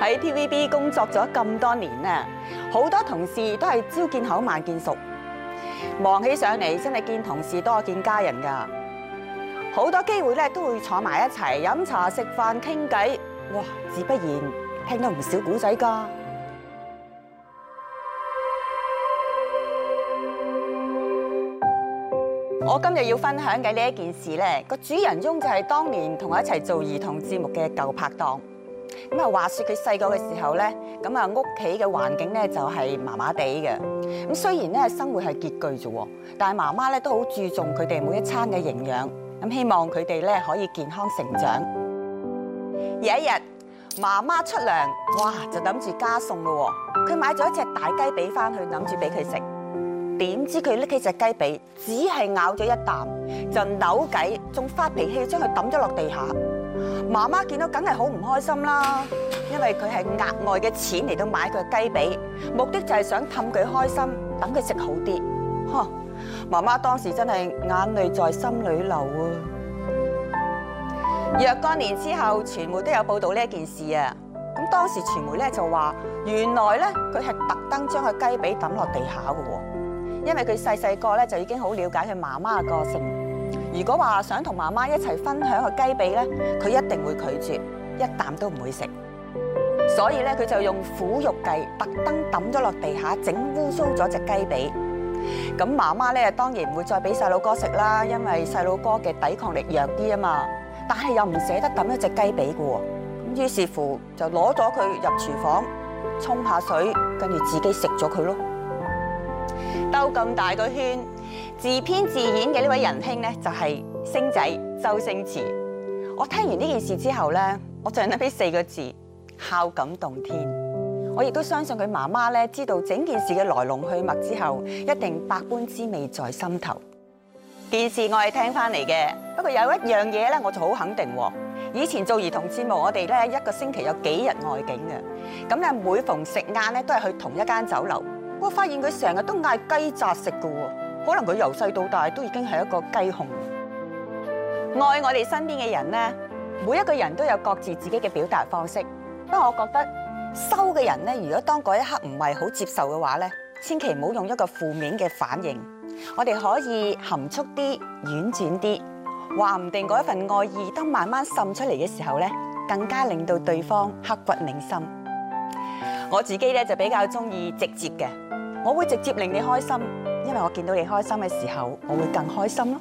喺 TVB 工作咗咁多年啦，好多同事都係朝見口、晚見熟，忙起上嚟真係見同事多見家人噶，好多機會咧都會坐埋一齊飲茶、食飯、傾偈，哇！自不然聽到唔少古仔噶。我今日要分享嘅呢一件事，呢個主人翁就係當年同我一齊做兒童節目嘅舊拍檔。咁啊，話說佢細個嘅時候咧，咁啊屋企嘅環境咧就係麻麻地嘅。咁雖然咧生活係拮據啫，但係媽媽咧都好注重佢哋每一餐嘅營養，咁希望佢哋咧可以健康成長。有一日，媽媽出糧，哇就諗住加餸咯，佢買咗一隻大雞髀返去諗住俾佢食。點知佢拎起隻雞髀，只係咬咗一啖，就扭計，仲發脾氣將佢抌咗落地下。媽媽見到梗係好唔開心啦，因為佢係額外嘅錢嚟到買佢雞髀，目的就係想氹佢開心，等佢食好啲。呵，媽媽當時真係眼淚在心裏流啊！若干年之後，傳媒都有報道呢一件事啊。咁當時傳媒咧就話，原來咧佢係特登將個雞髀抌落地下㗎，因為佢細細個咧就已經好了解佢媽媽嘅個性。如果話想同媽媽一齊分享個雞髀咧，佢一定會拒絕，一啖都唔會食。所以咧，佢就用苦肉計，特登抌咗落地下，整污糟咗隻雞髀。咁媽媽咧當然唔會再俾細佬哥食啦，因為細佬哥嘅抵抗力弱啲啊嘛。但係又唔捨得抌一隻雞髀噶，咁於是乎就攞咗佢入廚房沖下水，跟住自己食咗佢咯。兜咁大個圈。自編自演嘅呢位仁兄呢，就係星仔周星馳。我聽完呢件事之後呢，我就諗俾四個字，孝感動天。我亦都相信佢媽媽呢，知道整件事嘅來龍去脈之後，一定百般滋味在心頭。件事我係聽翻嚟嘅，不過有一樣嘢呢，我就好肯定。以前做兒童節目，我哋呢，一個星期有幾日外景嘅，咁咧每逢食晏呢，都係去同一間酒樓，我發現佢成日都嗌雞雜食嘅。可能佢由細到大都已經係一個雞控。愛我哋身邊嘅人呢，每一個人都有各自自己嘅表達方式。不過我覺得收嘅人呢，如果當嗰一刻唔係好接受嘅話呢，千祈唔好用一個負面嘅反應。我哋可以含蓄啲、婉轉啲，話唔定嗰一份愛意都慢慢滲出嚟嘅時候呢，更加令到對方刻骨銘心。我自己呢，就比較中意直接嘅，我會直接令你開心。因為我見到你開心嘅時候，我會更開心咯。